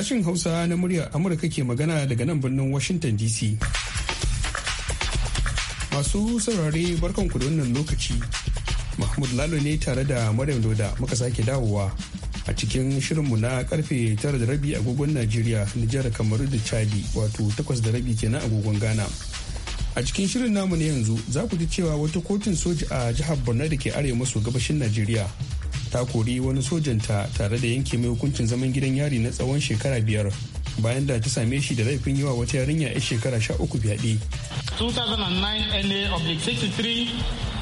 Sashen Hausa na murya Amurka ke magana daga nan birnin Washington DC. Masu saurare barkanku da wannan lokaci. Mahmud Lalo ne tare da Maryam Doda muka sake dawowa a cikin shirinmu na karfe tara da rabi agogon Najeriya, Nijar, Kamaru da Chadi wato takwas da rabi kenan agogon Ghana. A cikin shirin namu na yanzu za ku ji cewa wata kotun soja a jihar Borno da ke arewa maso gabashin Najeriya ta kori wani sojanta tare da yanke mai hukuncin zaman gidan yari na tsawon shekara biyar bayan da ta same shi da laifin yawa wata yarinya 'yar shekara sha uku fyaɗe. 2009 NA oblique 63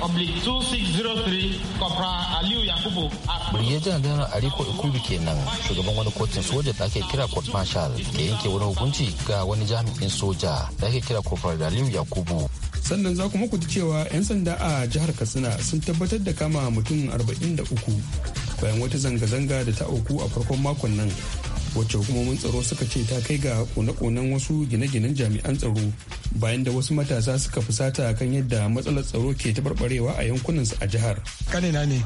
oblique 2603 Corporal Aliyu Yakubu Brigadier General Aliko Ikubi kenan shugaban wani kotun soja da ake kira court martial ke yanke wani hukunci ga wani jami'in soja da ake kira Corporal Aliyu Yakubu sannan za kuma ku ji cewa 'yan sanda a jihar katsina sun tabbatar da kama mutum 43 bayan wata zanga-zanga da ta auku a farkon makon nan wacce hukumomin tsaro suka ce ta kai ga kone-konen wasu gine-ginen jami'an tsaro bayan da wasu matasa suka fusata kan yadda matsalar tsaro ke tabarbarewa a yankunansu a jihar. Kanina ne.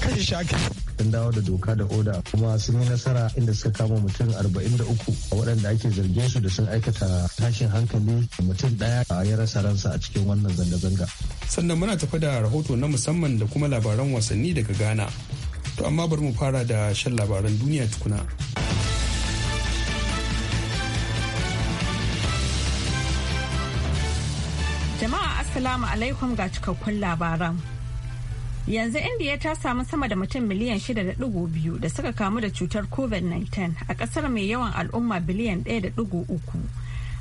Kashi shaki. Sun dawo da doka da oda kuma sun yi nasara inda suka kama mutum 43 waɗanda ake zargin su da sun aikata tashin hankali mutum ɗaya ya rasa ransa a cikin wannan zanga-zanga. Sannan muna tafi da rahoto na musamman da kuma labaran wasanni daga Ghana. To amma bari mu fara da shan labaran duniya tukuna. Jama'a Assalamu alaikum ga cikakkun labaran. Yanzu Indiya ta samu sama da mutum miliyan 6.2 da suka kamu da cutar COVID-19 a kasar mai yawan al'umma biliyan 1.3.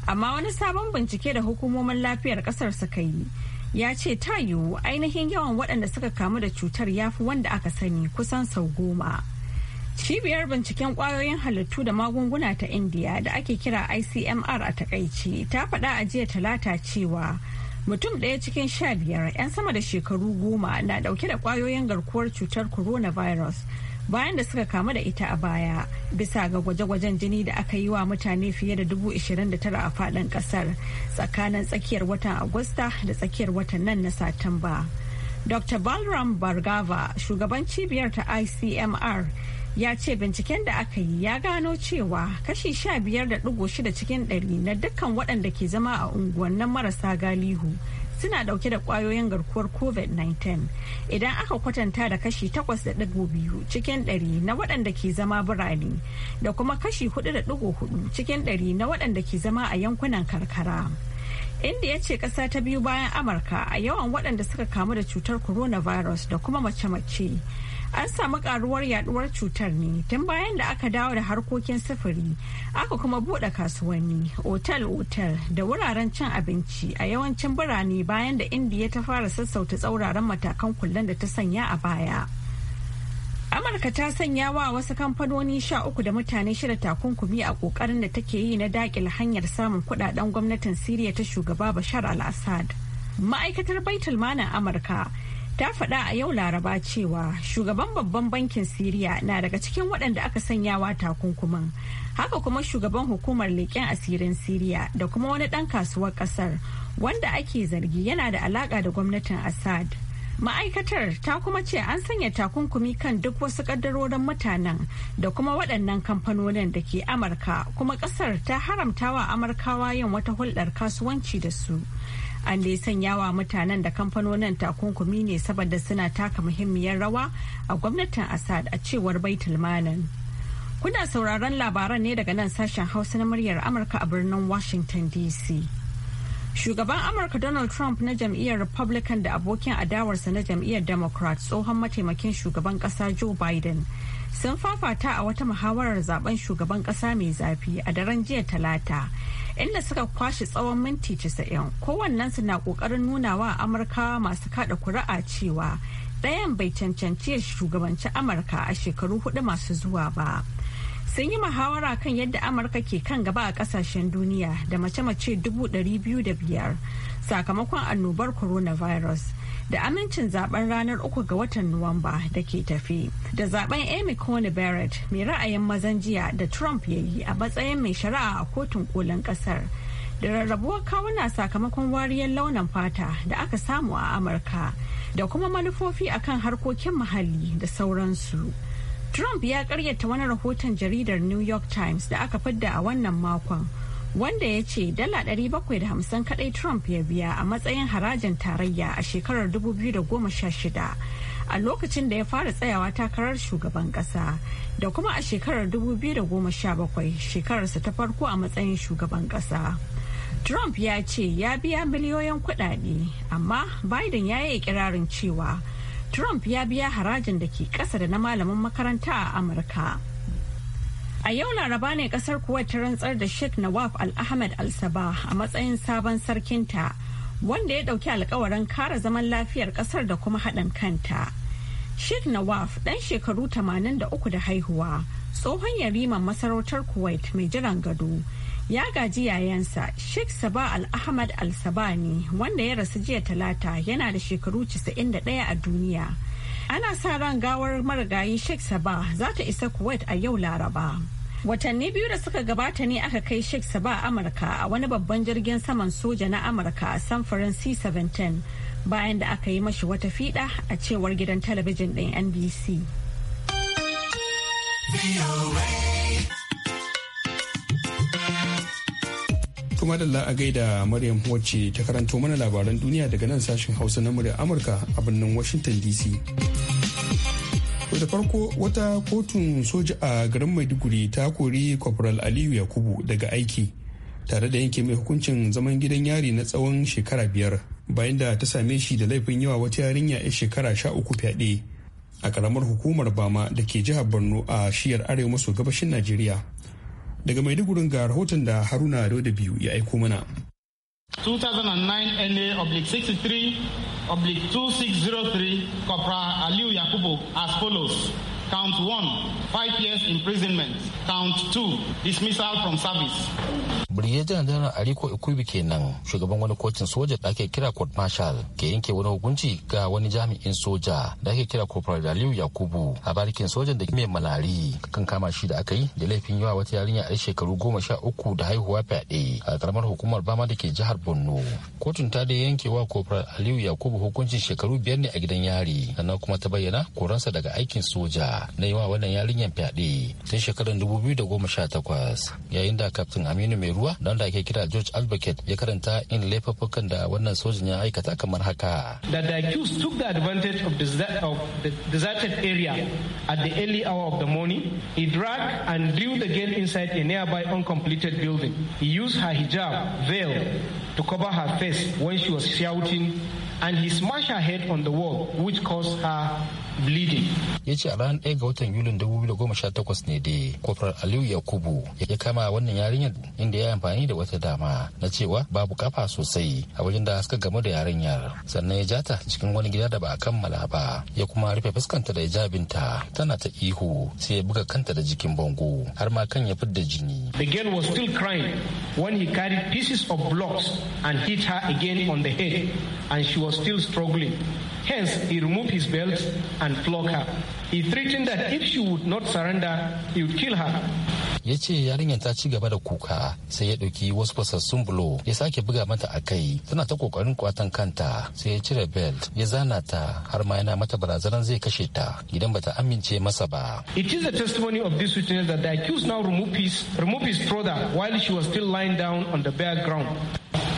Amma wani sabon bincike da hukumomin lafiyar kasar suka yi. ya ce ta yiwu ainihin yawan waɗanda suka kamu da cutar ya fi wanda aka sani kusan sau goma. Cibiyar binciken kwayoyin halittu da magunguna ta Indiya da ake kira ICMR a takaici ta faɗa a jiya talata cewa mutum ɗaya cikin sha biyar 'yan sama da shekaru goma na ɗauke da kwayoyin garkuwar cutar coronavirus bayan da suka kamu da ita a baya bisa ga gwaje-gwajen jini da aka yi wa mutane fiye da dubu da tara a fadin kasar tsakanin tsakiyar watan agusta da tsakiyar watan nan na satumba dr balram bargava shugaban cibiyar ta icmr ya ce binciken da aka yi ya gano cewa kashi sha da shida cikin ɗari na dukkan waɗanda ke zama a unguwannin marasa galihu suna dauke da kwayoyin garkuwar covid-19 idan aka kwatanta da kashi 8.2 cikin 100 na waɗanda ke zama birane da kuma kashi 4.4 cikin 100 na waɗanda ke zama a yankunan karkara. inda ya ce ƙasa ta biyu bayan amurka a yawan waɗanda suka kamu da cutar coronavirus da kuma mace-mace an samu karuwar yaduwar cutar ne tun bayan da aka dawo da harkokin sufuri aka kuma bude kasuwanni otal-otal da wuraren cin abinci a yawancin birane bayan da indiya ta fara sassauta tsauraran matakan kullum da ta sanya a baya amurka ta sanya wa wasu kamfanoni sha uku da mutane shida takunkumi a kokarin da take yi na dakil hanyar samun kudaden gwamnatin siriya ta shugaba bashar al-assad ma'aikatar baitul manan amurka ta faɗa a yau laraba cewa shugaban babban bankin siriya na daga cikin waɗanda aka sanyawa takunkuman haka kuma shugaban hukumar leƙen asirin siriya da kuma wani ɗan kasuwar ƙasar wanda ake zargi yana da alaƙa da gwamnatin assad ma'aikatar ta kuma ce an sanya takunkumi kan duk wasu ƙaddarorin mutanen da kuma waɗannan kamfanonin da ke amurka kuma ƙasar ta haramtawa amurkawa yin wata hulɗar kasuwanci da su an dai sanya wa mutanen da kamfanonin takunkumi ne saboda suna taka muhimmiyar rawa a gwamnatin assad a cewar baitul malam kuna sauraron labaran ne daga nan sashen hausa na muryar amurka a birnin washington dc shugaban amurka donald trump na jam'iyyar republican da abokin adawarsa na jam'iyyar democrat tsohon mataimakin shugaban kasa joe biden sun fafata a wata muhawarar zaben shugaban kasa mai zafi a daren jiya talata inda suka kwashe tsawon minti 90 kowannensu na kokarin nuna wa Amurka masu kada kuri'a cewa ɗayan bai cancanci ya shugabanci amurka a shekaru hudu masu zuwa ba sun yi muhawara kan yadda amurka ke kan gaba a kasashen duniya da mace-mace dubu biyar sakamakon annobar coronavirus da amincin zaben ranar uku ga watan Nuwamba da ke tafi. Da zaben Amy Coney Barrett mai ra'ayin mazan jiya da Trump ya yi a matsayin mai shari'a a kotun kolin kasar. Da rarrabuwar kawuna sakamakon wariyar launin fata da aka samu a Amurka da kuma manufofi akan harkokin muhalli da sauransu. Trump ya karyata wani rahoton jaridar New York Times da aka fidda a wannan makon. wanda ya ce dala 750 kadai trump ya biya a matsayin harajin tarayya a shekarar 2016 a lokacin da ya fara tsayawa takarar shugaban kasa da kuma a shekarar 2017 shekararsa ta farko a matsayin shugaban kasa trump ya ce ya biya miliyoyin kudade amma biden ya yi ikirarin cewa trump ya biya harajin da ke kasa da na malamin makaranta a amurka A yau Laraba ne kasar Kuwait ta rantsar da Sheikh Nawaf Al-Ahmad Al-Sabah a matsayin sabon sarkinta wanda ya dauki alkawarin kare zaman lafiyar kasar da kuma haɗin kanta. Sheikh Nawaf dan shekaru 83 da haihuwa tsohon yariman masarautar Kuwait mai jiran gado ya gaji yayansa Sheikh Sabah Al-Ahmad Al-Sabani wanda ya rasu jiya talata yana da shekaru 91 a duniya. ana sa ran gawar marigayi sheikh sabah za ta isa kuwait a yau laraba watanni biyu da suka gabata ne aka kai sheikh sabah amurka a wani babban jirgin saman soja na amurka a samfurin c-17 bayan da aka yi mashi wata fiɗa a cewar gidan talabijin ɗin nbc kuma da a gaida Maryam wacce ta karanto mana labaran duniya daga nan sashen Hausa na murya Amurka a birnin Washington DC. da farko wata kotun soja a garin maiduguri ta kori corporal aliyu yakubu daga aiki tare da yanke mai hukuncin zaman gidan yari na tsawon shekara biyar bayan da ta same shi da laifin yawa wata yarinya 'yan shekara sha uku fyaɗe a karamar hukumar bama da ke jihar borno a shiyar arewa maso gabashin najeriya daga maidugurin ga rahoton da haruna da biyu ya aiko mana 2009 na 63 oblique 2603 Corporal Aliu Yakubu as follows. Count one, five years imprisonment. Count two, dismissal from service. Brigadier General Aliko Ikubi kenan shugaban wani kotun soja da ake kira court marshal ke yanke wani hukunci ga wani jami'in soja da ake kira corporal Aliyu Yakubu a barikin sojan da mai malari kan kama shi da aka yi da laifin yawa wata yarinya a shekaru goma sha uku da haihuwa fyaɗe a karamar hukumar Bama da ke jihar Borno. Kotun ta da yankewa corporal Aliyu Yakubu hukuncin shekaru biyar ne a gidan yari sannan kuma ta bayyana koransa daga aikin soja. na yi wa wannan yarinyar fyaɗe tun shekarar 2018 yayin da Kaftin Aminu mai ruwa don da ake kira George Albuquerque ya karanta in laifuffukan da wannan sojin ya aikata kamar haka. That the accused took the advantage of, desert, of the deserted area at the early hour of the morning. He dragged and drew the girl inside a nearby uncompleted building. He used her hijab, veil, to cover her face when she was shouting and he smashed her head on the wall, which caused her bleeding ya ce a ranar ɗaya ga watan yulin 2018 ne dai kofar aliyu yakubu ya kama wannan yarinyar inda ya yi amfani da wata dama na cewa babu kafa sosai a wajen da suka gamu da yarinyar sannan ya jata cikin wani gida da ba a kammala ba ya kuma rufe fuskanta da hijabinta tana ta ihu sai ya buga kanta da jikin bango har ma kan ya fidda jini the girl was still crying when he carried pieces of blocks and hit her again on the head and she was still struggling Hence, he removed his belt and flogged her. He threatened that if she would not surrender, he would kill her. ya ce yarinyar ta ci gaba da kuka sai ya ɗauki wasu fasassun bulo ya sake buga mata a kai tana ta kokarin kwatan kanta sai ya cire belt ya zana ta har ma yana mata barazanar zai kashe ta idan bata amince masa ba it is the testimony of this witness that the accused now remove his removed his brother while she was still lying down on the bare ground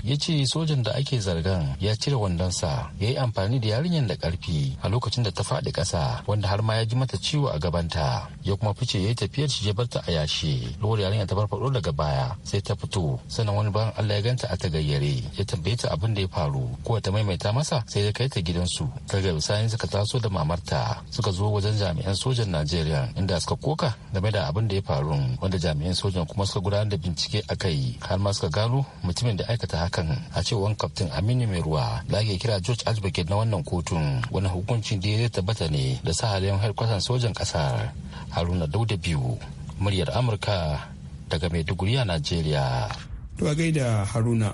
ya ce sojan da ake zargan ya cire wandonsa ya yi amfani da yarinyar da karfi a lokacin da ta faɗi ƙasa wanda har ma ya ji mata ciwo a gabanta ya kuma fice ya yi tafiyar shi ya barta a yashi lokacin yarinyar ta farfaɗo daga baya sai ta fito sannan wani bayan Allah ya ganta a tagayyare ya tambaye ta abin da ya faru ko ta maimaita masa sai ya kai ta gidansu daga bisani suka taso da mamarta suka zo wajen jami'an sojan Najeriya inda suka koka game da abin da ya faru wanda jami'an sojan kuma suka gudanar da bincike a kai har ma suka gano mutumin da aika aikata hakan a cewar kaftin aminu mai ruwa da ake kira george ashbaget na wannan kotun wani hukuncin da ya tabbata ne da sa halayen harkwasan sojan kasar haruna dauda biyu muryar amurka daga maiduguri a nigeria. to a gaida haruna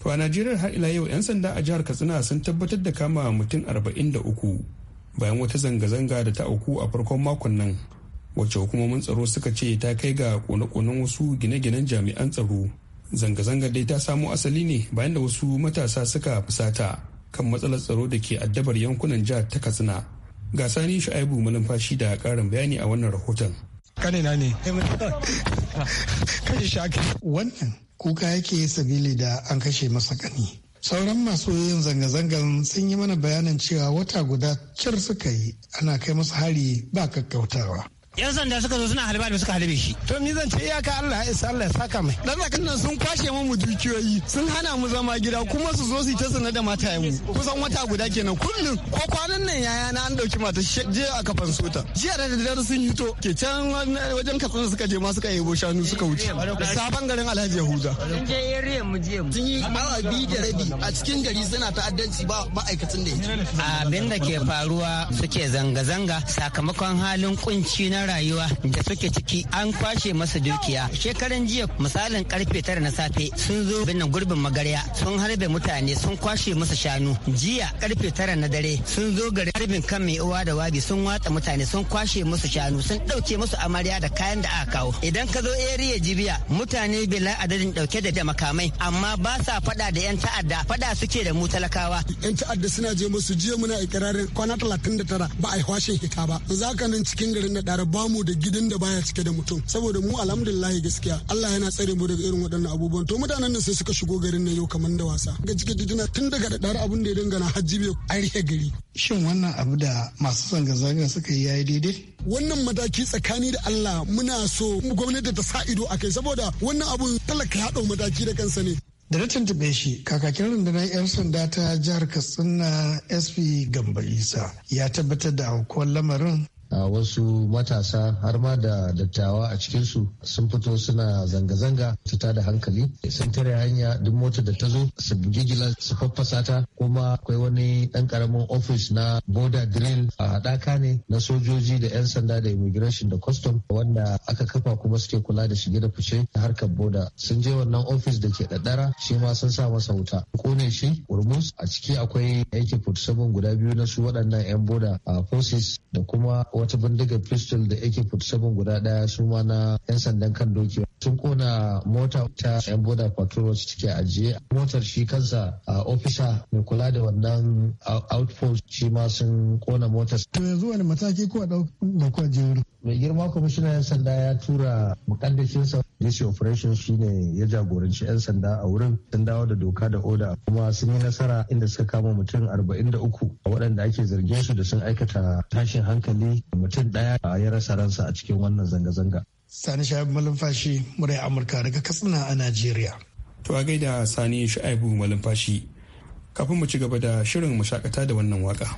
to a najeriya har ila yau 'yan sanda a jihar katsina sun tabbatar da kama mutum arba'in da uku bayan wata zanga-zanga da ta auku a farkon makon nan wacce hukumomin tsaro suka ce ta kai ga kone-konen wasu gine-ginen jami'an tsaro Zanga-zangar dai ta samo asali ne bayan da wasu matasa suka fusata kan matsalar tsaro da ke addabar yankunan jihar ta Katsina. Ga sani Shu'aibu malumfashi da karin bayani a wannan rahoton. na ne. Kashe shaki. Wannan kuka yake sabili da an kashe masa kani. sauran masu yin zanga-zangan sun yi mana bayanin cewa wata guda cir suka yi ana kai masu hari ba kakkautawa yan sanda suka zo suna halibar da suka halibe shi to ni zan ce iyaka Allah ya isa Allah ya saka mai dan zakan nan sun kwashe mu mu dukiyoyi sun hana mu zama gida kuma su zo su ta sanar da matayen mu kusan wata guda kenan kullum ko kwanan nan yaya na an dauki mata je aka fanso ta jiya da dare sun hito ke can wajen katsina suka je ma suka yebo shanu suka wuce sabon garin Alhaji Yahuda sun je area mu je sun yi awa bi da rabi a cikin gari suna ta'addanci ba ma'aikatan da yake abinda ke faruwa suke zanga-zanga sakamakon halin kunci na rayuwa da suke ciki an kwashe masa dukiya shekaran jiya misalin karfe tara na safe sun zo binnan gurbin magarya sun harbe mutane sun kwashe masa shanu jiya karfe tara na dare sun zo garin harbin kan mai uwa da wabi sun watsa mutane sun kwashe musu shanu sun dauke musu amarya da kayan da aka kawo idan ka zo area jibiya mutane bila adadin dauke da makamai amma ba sa fada da yan ta'adda fada suke da mu talakawa yan ta'adda suna je musu jiya muna ikirarin kwana 39 ba a yi hita ba zaka nan cikin garin da ba mu da gidan da baya cike da mutum saboda mu alhamdulillah gaskiya Allah yana tsare mu daga irin waɗannan abubuwan to mutanen nan sai suka shigo garin na yau kamar da wasa ga cike jidina tun daga da ɗara abin da ya dangana hajji bai ariya gari shin wannan abu da masu zanga-zanga suka yi yayi daidai wannan mataki tsakani da Allah muna so gwamnati ta sa ido a kai saboda wannan abun talaka ya dau mataki da kansa ne da na tuntube shi kakakin rundunar 'yan sanda ta jihar katsina sp gamba ya tabbatar da aukuwar lamarin wasu matasa har ma da dattawa a cikinsu sun fito suna zanga-zanga ta da hankali sun tare hanya duk mota da ta zo su gigila su faffasa ta kuma akwai wani ɗan karamin ofis na boda drill a haɗaka ne na sojoji da 'yan sanda da immigration da custom wanda aka kafa kuma suke kula da shige da fice da harkar boda sun je wannan ofis da ke ɗaɗɗara shi ma sun sa masa wuta kone shi urmus a ciki akwai ak-47 guda biyu na su waɗannan 'yan boda a forces da kuma wata bindigar pistol da ake sabon guda daya su ma na 'yan sandan kan doki sun kona mota ta 'yan boda patrol wacce take ajiye motar shi kansa a ofisa mai kula da wannan outpost shi ma sun kona motar. to yanzu wani mataki ko a ɗauka mai girma kwamishinan 'yan sanda ya tura sa dc operation shine ya jagoranci 'yan sanda a wurin sun dawo da doka da oda kuma sun yi nasara inda suka kama mutum 43 waɗanda ake zargin su da sun aikata tashin hankali mutum daya ɗaya ya rasa ransa a cikin wannan zanga-zanga sani shaibu malumfashi murai amurka daga katsina a najeriya to a gaida sani shaibu malumfashi kafin mu ci gaba da shirin mu shakata da wannan waka.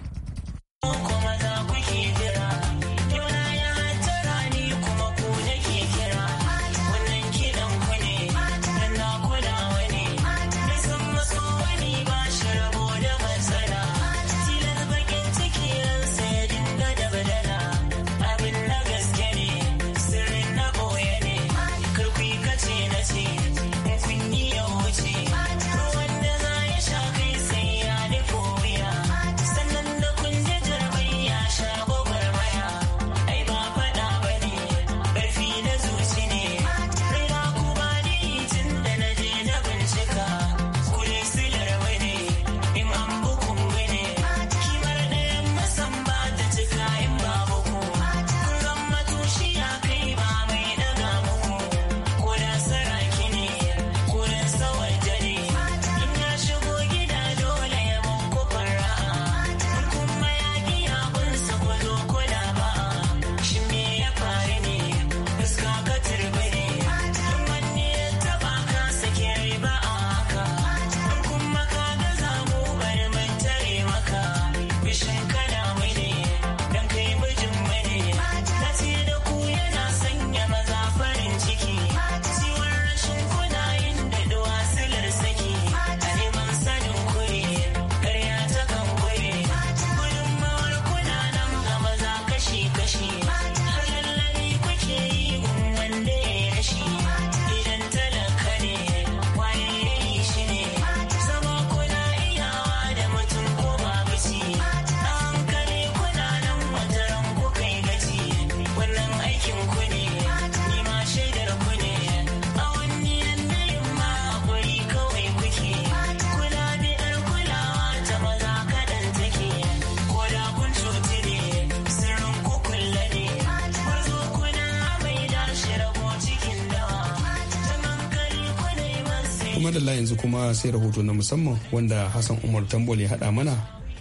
madalla yanzu kuma sai rahoto na musamman wanda Hassan Umar Tambol ya haɗa mana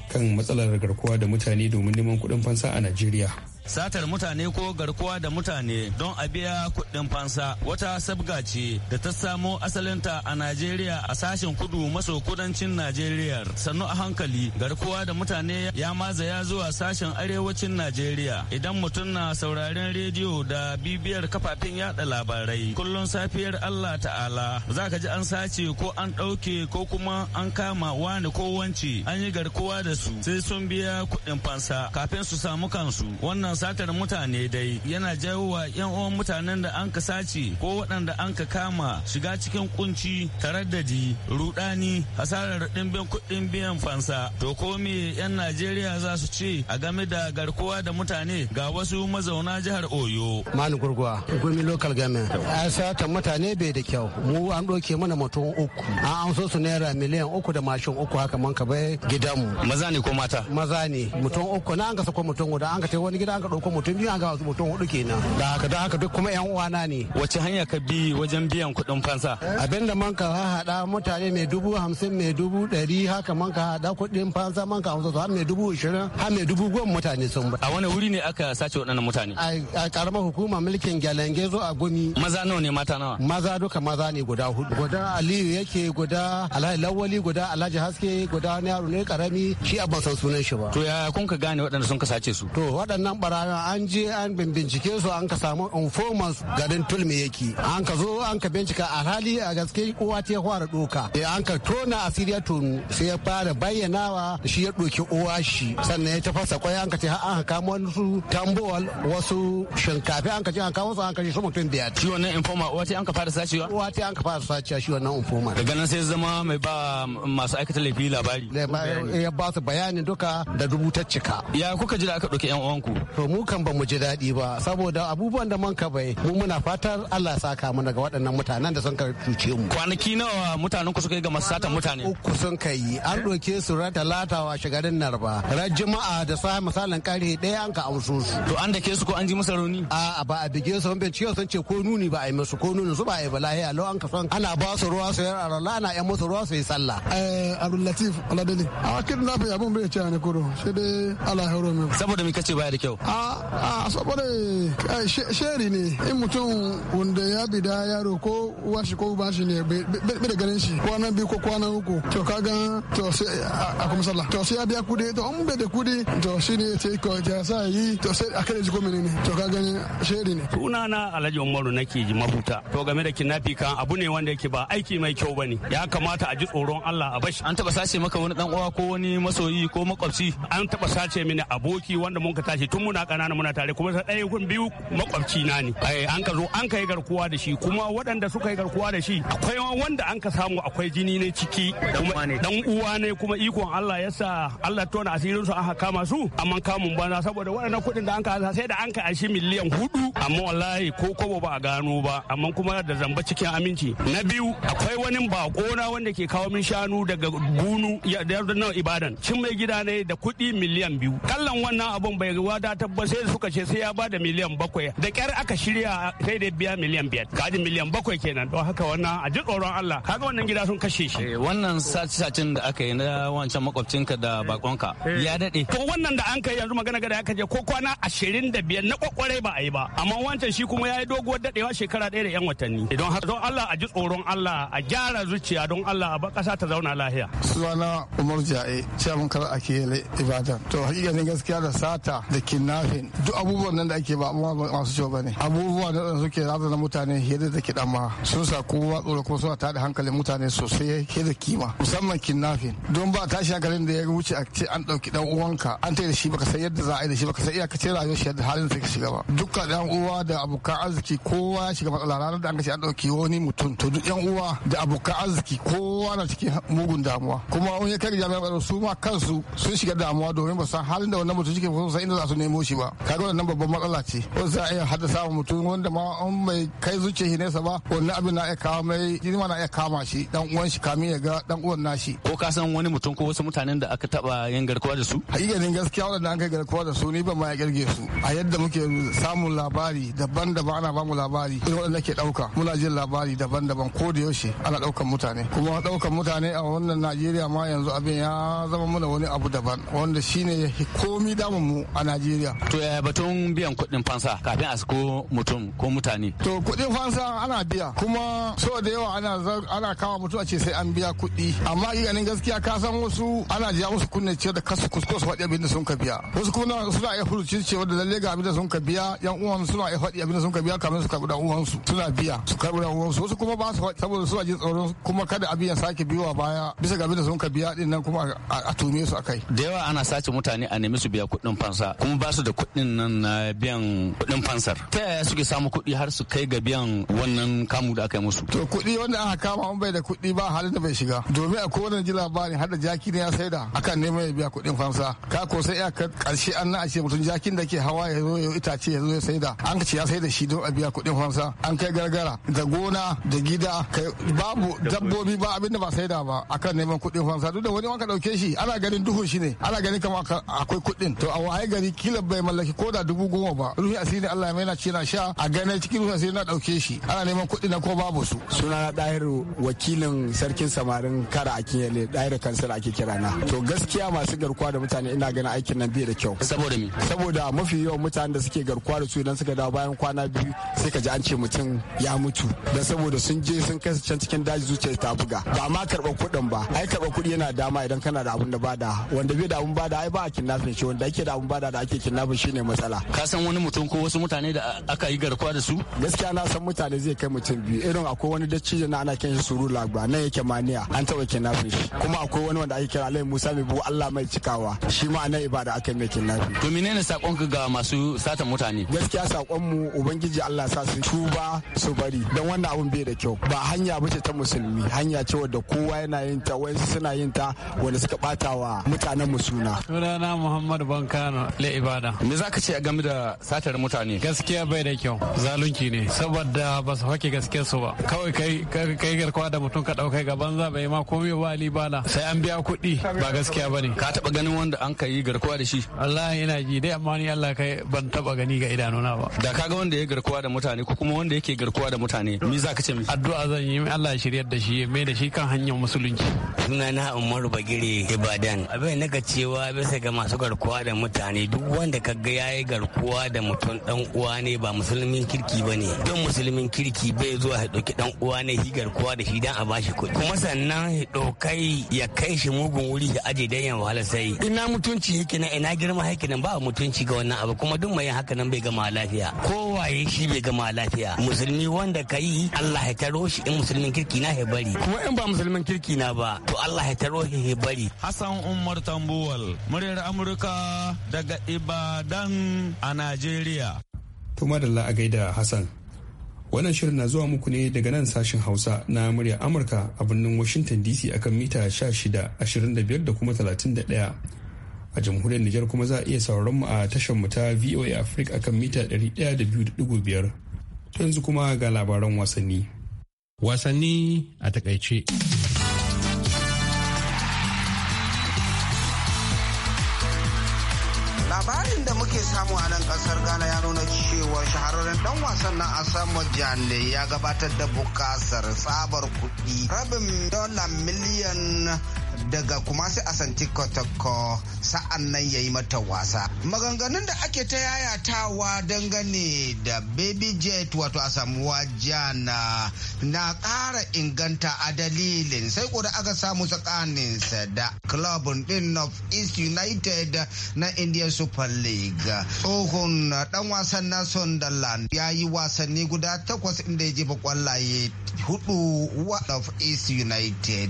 kan matsalar garkuwa da mutane domin neman kuɗin fansa a Najeriya. satar mutane ko garkuwa da mutane don a biya kuɗin fansa wata sabga ce da ta samo asalinta a najeriya a sashen kudu maso kudancin najeriya sannu a hankali garkuwa da mutane ya mazaya zuwa sashen arewacin najeriya idan mutum na sauraren rediyo da bibiyar kafafen yada labarai kullum safiyar allah ta'ala za ka ji an sace ko an ɗauke ko kuma an kama wani ko wance an yi garkuwa da su sai sun biya kuɗin fansa kafin su samu kansu wannan wannan satar mutane dai yana jawo wa 'yan uwan mutanen da an ka sace ko waɗanda an ka kama shiga cikin kunci taraddadi rudani hasarar ɗimbin kuɗin biyan fansa to ko me 'yan najeriya za su ce a game da garkuwa da mutane ga wasu mazauna jihar oyo mani gurguwa gumi local government a satar mutane bai da kyau mu an ɗauke mana mutum uku an amso su naira miliyan uku da mashin uku haka man ka bai gidanmu maza ne ko mata maza ne mutum uku na an ka sako mutum guda an ka tai wani gida an aka ɗauko mutum biyu an ga mutum hudu kenan da haka da haka duk kuma yan uwana ne wace hanya ka bi wajen biyan kuɗin fansa abin da man ka haɗa mutane mai dubu hamsin mai dubu ɗari haka man ka haɗa kuɗin fansa man ka hamsin har mai dubu ishirin har mai dubu goma mutane sun ba a wani wuri ne aka sace waɗannan mutane a karamar hukuma mulkin gyalenge zo a gumi maza nawa ne mata nawa maza duka maza ne guda hudu guda aliyu yake guda alhaji lawali guda alhaji haske guda wani yaro ne karami shi a ban san sunan shi ba to ya kun ka gane waɗanda sun ka sace su to waɗannan bara rana an je an bincike su an ka samu informants garin tulmi yake an ka zo an ka bincika a hali a gaske uwa ta fara doka eh, an ka tona asiriya tonu sai ya fara bayyanawa shi ya doki uwa shi sannan ya tafasa kwaya an ka ce an kamo wasu tambowal wasu shinkafi an ka ce an ka wasu an ka ce su mutum biyar shi wannan informa uwa ta an ka fara sacewa uwa ta an ka fara sacewa shi wannan informa daga nan sai zama mai ba masu aikata laifi labari ya ba su bayanin duka da cika. ya kuka ji da aka doki yan uwanku to to mu kan ba mu ji daɗi ba saboda abubuwan da man ka bai mu muna fatar Allah saka mana ga waɗannan mutanen da sun cuce mu kwanaki nawa mutanen ku suka yi ga masu mutane uku sun kai an ɗauke su ran talata wa shigarin narba ran juma'a da sa misalin kare ɗaya an ka amsu su to an dake su ko an ji musu rauni a ba a dake su ban ciwo sun ce ko nuni ba a yi musu ko nuni su ba a yi balahi a an ka son ana ba su ruwa su yi arola ana yan musu ruwa su yi sallah eh abdul latif aladeli a kin na fi abun bai ce ne koro sai dai Allah ya horo mu saboda me kace baya da kyau a saboda eh, sheri ne in mutum wanda ya bida yaro ko uwa shi ko ba shi ne bi da ganin shi kwanan biyu ko kwanan uku to kaga to sai a kuma sallah to sai ya biya kudi to an bai da kudi to shi ne ce ko ya sa yi to sai a kare jiko ne to ka gani sheri ne suna na alhaji umaru nake ji mabuta to game da kidnapping kan abu ne wanda yake ba aiki mai kyau bane ya kamata a ji tsoron Allah a bashi an taba sace maka wani dan uwa ko wani masoyi ko makwabci an taba sace mini aboki wanda mun ka tashi tun muna ƙanana muna tare kuma ɗaya gun biyu makwabci na ne eh, an ka zo an ka yi garkuwa da shi kuma waɗanda suka yi garkuwa da shi akwai wanda an ka samu akwai jini ne ciki dan uwa ne kuma ikon Allah ya sa Allah tona asirin su aka kama su amma kamun banza saboda waɗannan kuɗin da an ka sai da an ka ashi miliyan hudu amma wallahi ko kobo ba gano ba amma kuma da zamba cikin aminci na biyu akwai wani bakona wanda ke kawo min shanu daga gunu ya da nan ibadan cin mai gida ne da kuɗi miliyan biyu kallon wannan abun bai wadatar tabbar sai suka ce sai ya ba da miliyan bakwai da kyar aka shirya sai dai biya miliyan biyar ka ji miliyan bakwai kenan don haka wannan a ji tsoron Allah kaga wannan gida sun kashe shi eh, wannan sace-sacen da aka yi na wancan makwabcinka da bakonka eh. ya dade to wannan da an kai yanzu magana gada aka je ko kwana ashirin da biyar na kwakwarai ba a yi ba amma wancan shi kuma ya yi doguwar daɗewa shekara ɗaya da yan watanni idan haka don Allah a ji tsoron Allah a gyara zuciya don Allah a ba ƙasa ta zauna lahiya sunana Umar Ja'e chairman kar akiyele Ibadan to hakikanin gaskiya da sata da kinna nafin duk abubuwan nan da ake ba masu cewa ba ne abubuwa da suke na mutane yadda da kiɗa ma sun sa kowa tsoro kuma suna tada hankalin mutane sosai yake da kima musamman kidnapping don ba tashi hankalin da ya wuce a ce an ɗauki ɗan uwanka an tai da shi baka san yadda za a yi da shi baka san ce rayuwar shi yadda halin da ka shiga ba duka ɗan uwa da abokan arziki kowa ya shiga matsala ranar da an kace an ɗauki wani mutum to duk yan uwa da abokan arziki kowa na cikin mugun damuwa kuma wani ya kai jami'an su ma kansu sun shiga damuwa domin ba san halin da wannan mutum cikin ba san inda za su nemo shi ba kaga wannan babban matsala ce ko za a iya haddasa wa mutum wanda ma an bai kai zuciya shi nesa ba wannan abin na iya kawo mai jirma na iya kama shi dan uwan shi kamin ya ga dan uwan nashi ko ka san wani mutum ko wasu mutanen da aka taba yin garkuwa da su hakikanin gaskiya wanda an kai garkuwa da su ni ban ma ya kirge su a yadda muke samun labari daban-daban ana bamu labari irin wanda ke dauka muna jin labari daban-daban ko da yaushe ana daukan mutane kuma daukan mutane a wannan Najeriya ma yanzu abin ya zama mana wani abu daban wanda shine komi damun mu a Najeriya To ya batun biyan kuɗin fansa kafin a sako mutum ko mutane. To kuɗin fansa ana biya kuma so da yawa ana kawo mutum a ce sai an biya kuɗi amma yi ganin gaskiya ka san wasu ana jiya wasu kunne ce da kasu kusko su faɗi abin da sun ka biya wasu kuma suna iya furuci ce wanda lalle ga abin da sun ka biya yan uwan suna iya faɗi abin da sun ka biya kamar su karɓi da uwan su suna biya su karɓi da uwan su wasu kuma ba su faɗi saboda suna jin tsoron kuma kada abin ya sake biyowa baya bisa ga abin da sun ka biya din nan kuma a tume su akai. Da yawa ana sace mutane a nemi su biya kuɗin fansa kuma ba su da kuɗin nan na biyan kuɗin fansar ta yaya suke samu kuɗi har su kai ga biyan wannan kamu da aka yi musu to kuɗi wanda aka kama an bai da kuɗi ba halin da bai shiga domin a kowane ji labari har da jaki ne ya saida akan neman ya biya kuɗin fansa ka ko sai ya karshe an na ashe mutum jakin da ke hawa ya zo ya itace ya zo ya saida an ce ya saida shi don a biya kuɗin fansa an kai gargara da gona da gida kai babu dabbobi ba abin da ba saida ba akan neman kuɗin fansa duk da wani wanka ɗauke shi ana ganin duhun shi ne ana ganin kamar akwai kuɗin to a waye gari kila bai mallaki ko da dubu goma ba ruhi asiri Allah mai na ce na sha a gane cikin ruhi asiri na dauke shi ana neman kuɗi na ko babu su suna na dahiru wakilin sarkin samarin kara a akinyele dahiru kansila ake kira na to gaskiya masu garkuwa da mutane ina ganin aikin nan bai da kyau saboda me saboda mafi yawan mutanen da suke garkuwa da su idan suka dawo bayan kwana biyu sai ka ji an ce mutum ya mutu da saboda sun je sun kai can cikin daji zuciya ta buga ba ma karba kuɗin ba ai karba kuɗi yana dama idan kana da abun da bada wanda bai da abun bada ai ba a kidnapping shi wanda ake da abun bada da ake kidnapping abin shine matsala ka san wani mutum ko wasu mutane da aka yi garkuwa da su gaskiya na san mutane zai kai mutum biyu irin akwai wani dacci na ana kin shi suru lagba nan yake maniya an taba kinafin shi kuma akwai wani wanda ake kira alai musa mai bu allah mai cikawa shi ma nan ibada aka mai kinafi to menene sakonka ga masu satan mutane gaskiya sakon mu ubangiji allah sa su tuba su bari dan wannan abun bai da kyau ba hanya bace ta musulmi hanya ce wadda kowa yana yin ta wai suna yin ta wanda suka bata wa mutanen musuna suna sunana muhammad bankano le ibada hada. Me za ka ce game da satar mutane? Gaskiya bai da kyau, zalunci ne, saboda ba su fake gaskiyar su ba. Kawai kai kai garkuwa da mutum ka daukai ga banza bai ma komai ba ali bala sai an biya kuɗi ba gaskiya bane. Ka taba ganin wanda an kai garkuwa da shi? Allah ina ji dai amma ni Allah kai ban taba gani ga idanuna ba. Da kaga wanda ya garkuwa da mutane ko kuma wanda yake garkuwa da mutane, me za ka ce mai? Addu'a zan yi Allah ya shiryar da shi, mai da shi kan hanyar musulunci. Sunana Umaru Bagire Ibadan. Abin naka cewa bisa ga masu garkuwa da mutane duk wanda ka ga yayi garkuwa da mutum dan uwa ne ba musulmin kirki ba ne don musulmin kirki bai zuwa ya dauki dan uwa ne shi garkuwa da shi dan a bashi kuɗi kuma sannan ya dokai ya kai shi mugun wuri ya aje dan yan wahala sai ina mutunci yake na ina girma yake nan ba mutunci ga wannan abu kuma duk mai haka nan bai gama lafiya kowaye shi bai gama lafiya musulmi wanda kai Allah ya taro shi in musulmin kirki na ya bari kuma in ba musulmin kirki na ba to Allah ya taro shi ya bari Hassan Umar Tambuwal muryar Amurka daga Iba dan a Najeriya. Tuma da a gaida Hassan. Wannan shirin na zuwa muku ne daga nan sashen Hausa na murya Amurka a birnin Washington DC akan mita 16, 25 da kuma 31. a jamhuriyar Nijar kuma za a iya sauraron mu a tashar mu ta VOA Africa akan mita 102.5. Yanzu kuma ga labaran wasanni. Wasanni a takaice. samu a nan kasar Ghana ya nuna cewa shahararren dan wasan na Asamo Jane ya gabatar da bukasar tsabar kuɗi rabin dola miliyan daga kumasi asanti kotoko sa'an nan ya yi mata wasa maganganun da ake ta yayatawa dangane da baby jet wato a samuwa jana na ƙara inganta a dalilin sai da aka samu tsakaninsa da club din north east united na indian super league tsohon dan wasan na sunderland ya yi wasanni guda takwas inda ya jefa kwallaye hudu wa east united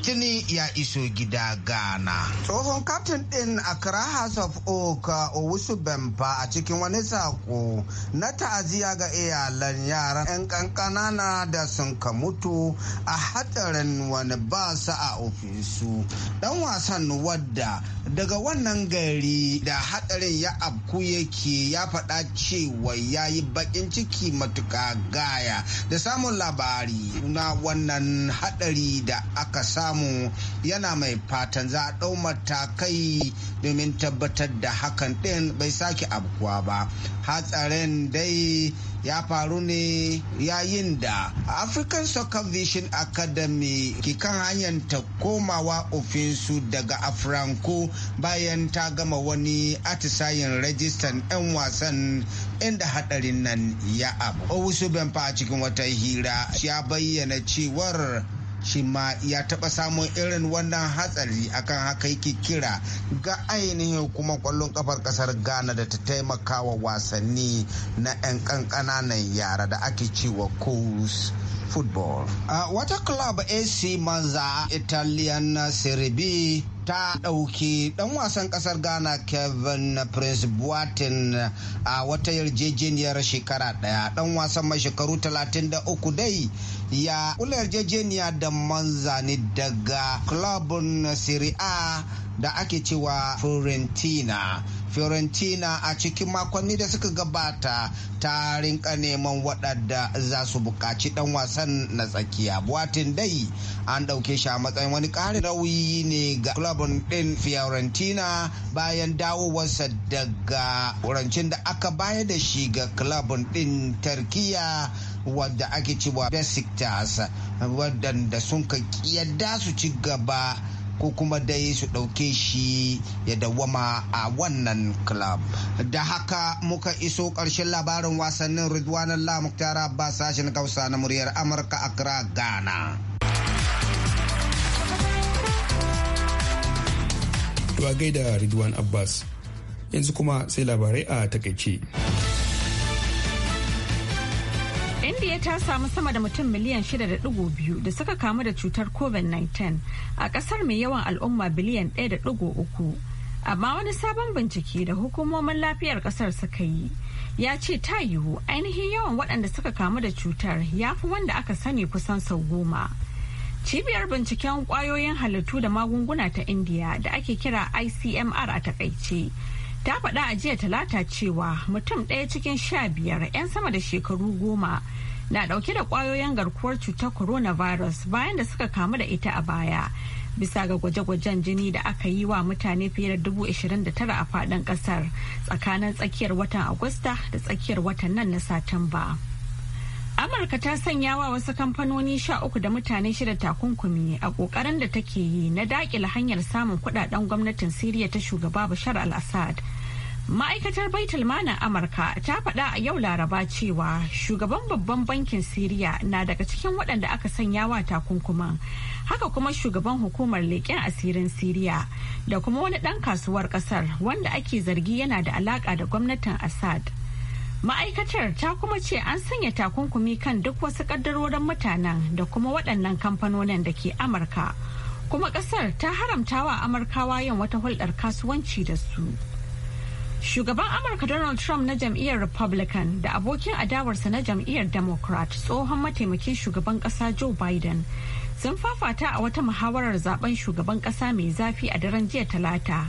tini ya iso gida gana. Tsohon kaftin ɗin Accra House of Oak Owusu Bempa a cikin wani sako na ta'aziyya ga iyalan yaran 'yan ƙanƙanana da sun ka mutu a hatsarin wani basa a ofisu. Dan wasan wadda daga wannan gari da hatsarin ya abku yake ya faɗa cewa ya yi bakin ciki matuka gaya da samun labari na wannan hatsari da aka samu yana mai fatan za a ɗau matakai domin tabbatar da hakan ɗin bai sake abkuwa ba hatsarin dai ya faru ne yayin da African Soccer Vision Academy ke kan hanyar ta komawa ofinsu daga Afranko bayan ta gama wani atisayen rajistan 'yan wasan inda hadarin nan ya abu. Owusu Bempa a cikin wata hira ya bayyana cewar shi ma ya taɓa samun irin wannan hatsari akan haka yake kira ga ainihin hukumar kwallon kafar ƙasar ghana da ta taimaka wa wasanni na 'yan ƙanƙananan yara da ake cewa course football. Uh, wata club AC Manza Italian Serie B ta ɗauki ɗan wasan ƙasar ghana kevin prince buatin a wata yarjejeniyar shekara ɗaya ɗan wasan mai shekaru 33 dai ya ƙula yarjejeniya da manzani daga clubin serie a da ake cewa Fiorentina. Fiorentina a cikin makonni da suka gabata ta rinka neman waɗanda za su buƙaci ɗan wasan na tsakiya. Buwatin dai an ɗauke shi a matsayin wani ƙarin nauyi ne ga kulabun ɗin Fiorentina bayan dawowarsa daga wurancin da aka bayar da shi ga kulabun ɗin turkiyya wadda ake cewa Besiktas wadanda sun ka yadda su ci gaba ko kuma dai su ɗauke shi ya dawama a wannan club da haka muka iso ƙarshen labarin wasannin ridwan allah muktar sashen kausa na muryar amurka accra ghana to a gaida ridwan abbas yanzu kuma sai labarai a takaice. Italiya ta samu sama da mutum miliyan 6.2 da suka kamu da cutar COVID-19 a kasar mai yawan al'umma biliyan 1.3. Amma wani sabon bincike da hukumomin lafiyar kasar suka yi ya ce ta yiwu ainihin yawan waɗanda suka kamu da cutar ya fi wanda aka sani kusan sau goma. Cibiyar binciken kwayoyin halittu da magunguna ta india da ake kira ICMR a takaice. ta faɗa a jiya talata cewa mutum ɗaya cikin sha biyar 'yan sama da shekaru goma na dauke da kwayoyin garkuwar cutar coronavirus bayan da suka kamu da ita a baya bisa ga gwaje-gwajen jini da aka yi wa mutane fiye da tara a fadin kasar tsakanin tsakiyar watan agusta da tsakiyar watan nan na satumba amurka ta sanya wa wasu kamfanoni sha uku da mutane shida takunkumi a kokarin da take yi na dakile hanyar samun kudaden gwamnatin siriya ta shugaba bashar al-assad Ma'aikatar Baitul Manan Amurka ta faɗa a yau Laraba cewa shugaban babban bankin Siriya na daga cikin waɗanda aka sanya wa takunkuman. Haka kuma shugaban hukumar leƙen asirin Siriya da kuma wani ɗan kasuwar ƙasar wanda ake zargi yana da alaƙa da gwamnatin Assad. Ma'aikatar ta kuma ce an sanya takunkumi kan duk wasu ƙaddarorin mutanen da kuma waɗannan kamfanonin da ke Amurka. Kuma ƙasar ta haramtawa Amurkawa yin wata hulɗar kasuwanci da su. Shugaban Amurka Donald Trump na jam'iyyar Republican da abokin adawarsa na jam'iyyar Democrat tsohon mataimakin shugaban ƙasa Joe Biden sun fafata a wata muhawarar zaben shugaban ƙasa mai zafi a daren jiya talata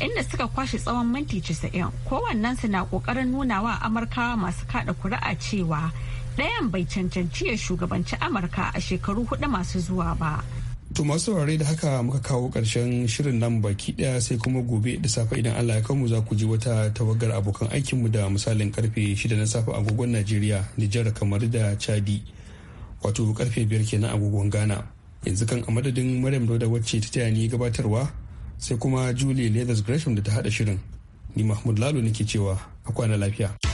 inda suka kwashe tsawon minti 90 kowannensu na ƙoƙarin nuna wa Amurkawa masu kada kuri'a cewa ɗayan bai cancanci ya shugabanci Amurka a shekaru hudu masu zuwa ba. To masu saurare da haka muka kawo ƙarshen shirin nan baki ɗaya sai kuma gobe da safe idan Allah ya kamu za ku ji wata tawagar abokan aikinmu da misalin karfe shida na safe agogon Najeriya, Nijar kamar da Chadi. Wato karfe biyar kenan agogon Ghana. Yanzu kan a madadin Maryam Dauda wacce ta taya ni gabatarwa sai kuma Julie Leathers Gresham da ta haɗa shirin. Ni Mahmud Lalo nake cewa a kwana lafiya.